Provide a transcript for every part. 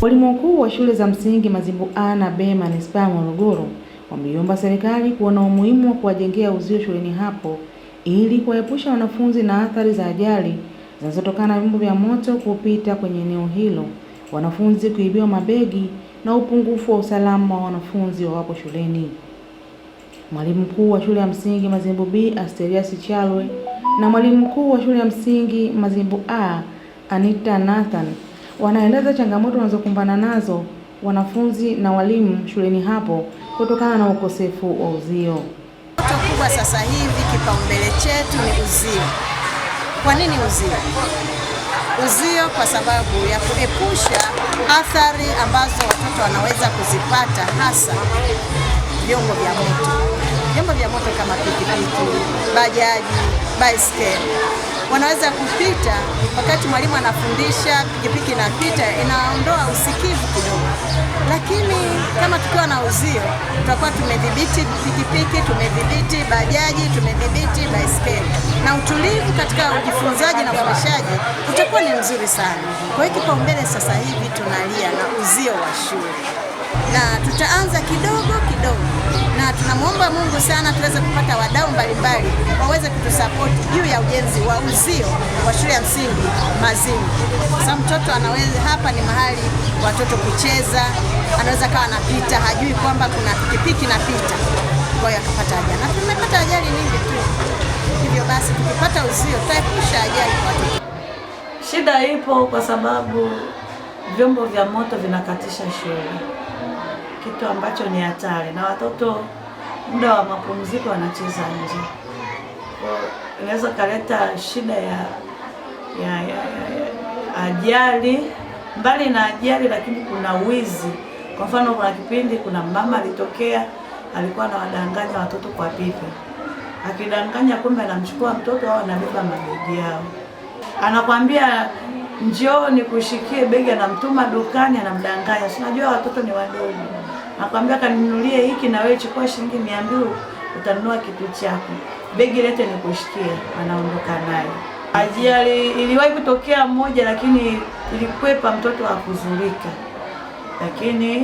Walimu wakuu wa shule za msingi Mazimbu A na B manispaa ya Morogoro wameiomba serikali kuona umuhimu wa kuwajengea uzio shuleni hapo ili kuwaepusha wanafunzi na athari za ajali zinazotokana na vyombo vya moto kupita kwenye eneo hilo, wanafunzi kuibiwa mabegi na upungufu wa usalama wa wanafunzi wawapo shuleni. Mwalimu mkuu wa shule ya msingi Mazimbu B asterias Sichalwe na mwalimu mkuu wa shule ya msingi Mazimbu A Anita Nathan Wanaeleza changamoto wanazokumbana nazo wanafunzi na walimu shuleni hapo kutokana na ukosefu wa uzio. kubwa sasa hivi kipaumbele chetu ni uzio. Kwa nini uzio? Uzio kwa sababu ya kuepusha athari ambazo watoto wanaweza kuzipata, hasa vyombo vya moto, vyombo vya moto kama pikipiki, bajaji, baiskeli wanaweza kupita wakati mwalimu anafundisha, pikipiki inapita, inaondoa usikivu kidogo. Lakini kama tukiwa na uzio, tutakuwa tumedhibiti pikipiki, tumedhibiti bajaji, tumedhibiti baiskeli, na utulivu katika ujifunzaji na ufundishaji utakuwa ni mzuri sana. Kwa hiyo kipaumbele sasa hivi tunalia na uzio wa shule na tutaanza kidogo kidogo, na tunamwomba Mungu sana tuweze kupata wadau mbalimbali waweze kutusa juu ya ujenzi wa uzio wa shule ya msingi Mazingu, Sasa mtoto anaweza, hapa ni mahali watoto kucheza, anaweza kawa anapita, hajui kwamba kuna pikipiki napita, kwa hiyo akapata ajali, na tumepata ajali nyingi tu. Hivyo basi tukipata uzio tutaepusha ajali kwa watoto. Shida ipo kwa sababu vyombo vya moto vinakatisha shule, kitu ambacho ni hatari, na watoto muda wa mapumziko wanacheza nje inaweza kaleta shida ya, ya, ya, ya ajali. Mbali na ajali, lakini kuna wizi. Kwa mfano, kuna kipindi kuna mama alitokea, alikuwa anawadanganya watoto kwa pipi, akidanganya kumbe anamchukua mtoto au anabeba mabegi yao, anakwambia njooni kushikie begi, anamtuma dukani, anamdanganya. Si unajua watoto ni wadogo, anakwambia kaninunulie hiki, na wewe chukua shilingi mia mbili utanunua kitu chako begi lete nikushikie, anaondoka naye Ajali iliwahi kutokea mmoja, lakini ilikwepa mtoto kuzurika, lakini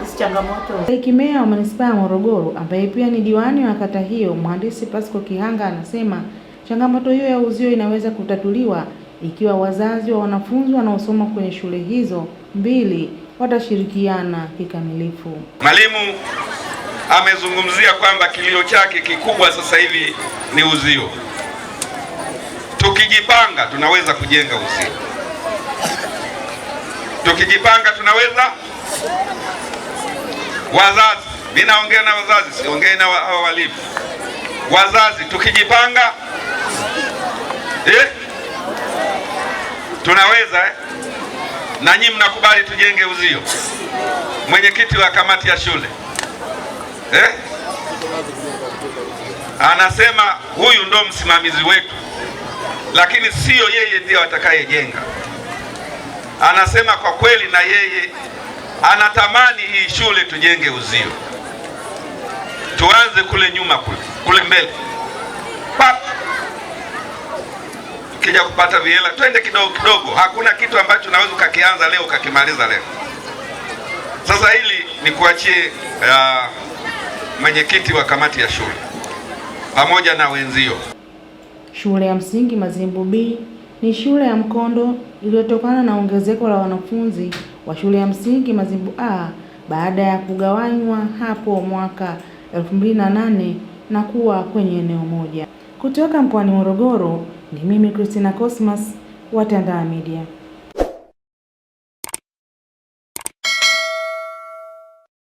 hizi changamoto. Kimea wa manispaa ya Morogoro ambaye pia ni diwani wa kata hiyo, mhandisi Pasco Kihanga anasema changamoto hiyo ya uzio inaweza kutatuliwa ikiwa wazazi wa wanafunzi wanaosoma kwenye shule hizo mbili watashirikiana kikamilifu. Mwalimu amezungumzia kwamba kilio chake kikubwa sasa hivi ni uzio. Tukijipanga tunaweza kujenga uzio, tukijipanga tunaweza. Wazazi, mimi naongea na wazazi, siongee na hao walimu. Wazazi tukijipanga, eh? tunaweza eh? na nyinyi mnakubali tujenge uzio. Mwenyekiti wa kamati ya shule eh? Anasema huyu ndo msimamizi wetu, lakini siyo yeye ndiye atakayejenga. Anasema kwa kweli, na yeye anatamani hii shule tujenge uzio, tuanze kule nyuma kule, kule mbele kija kupata vihela twende kidogo kidogo, hakuna kitu ambacho unaweza ukakianza leo ukakimaliza leo. Sasa hili nikuachie uh, mwenyekiti wa kamati ya shule pamoja na wenzio. Shule ya msingi Mazimbu B ni shule ya mkondo iliyotokana na ongezeko la wanafunzi wa shule ya msingi Mazimbu A baada ya kugawanywa hapo mwaka 2008 na kuwa kwenye eneo moja. Kutoka mkoani Morogoro ni mimi Christina Cosmas wa Tandaa Media.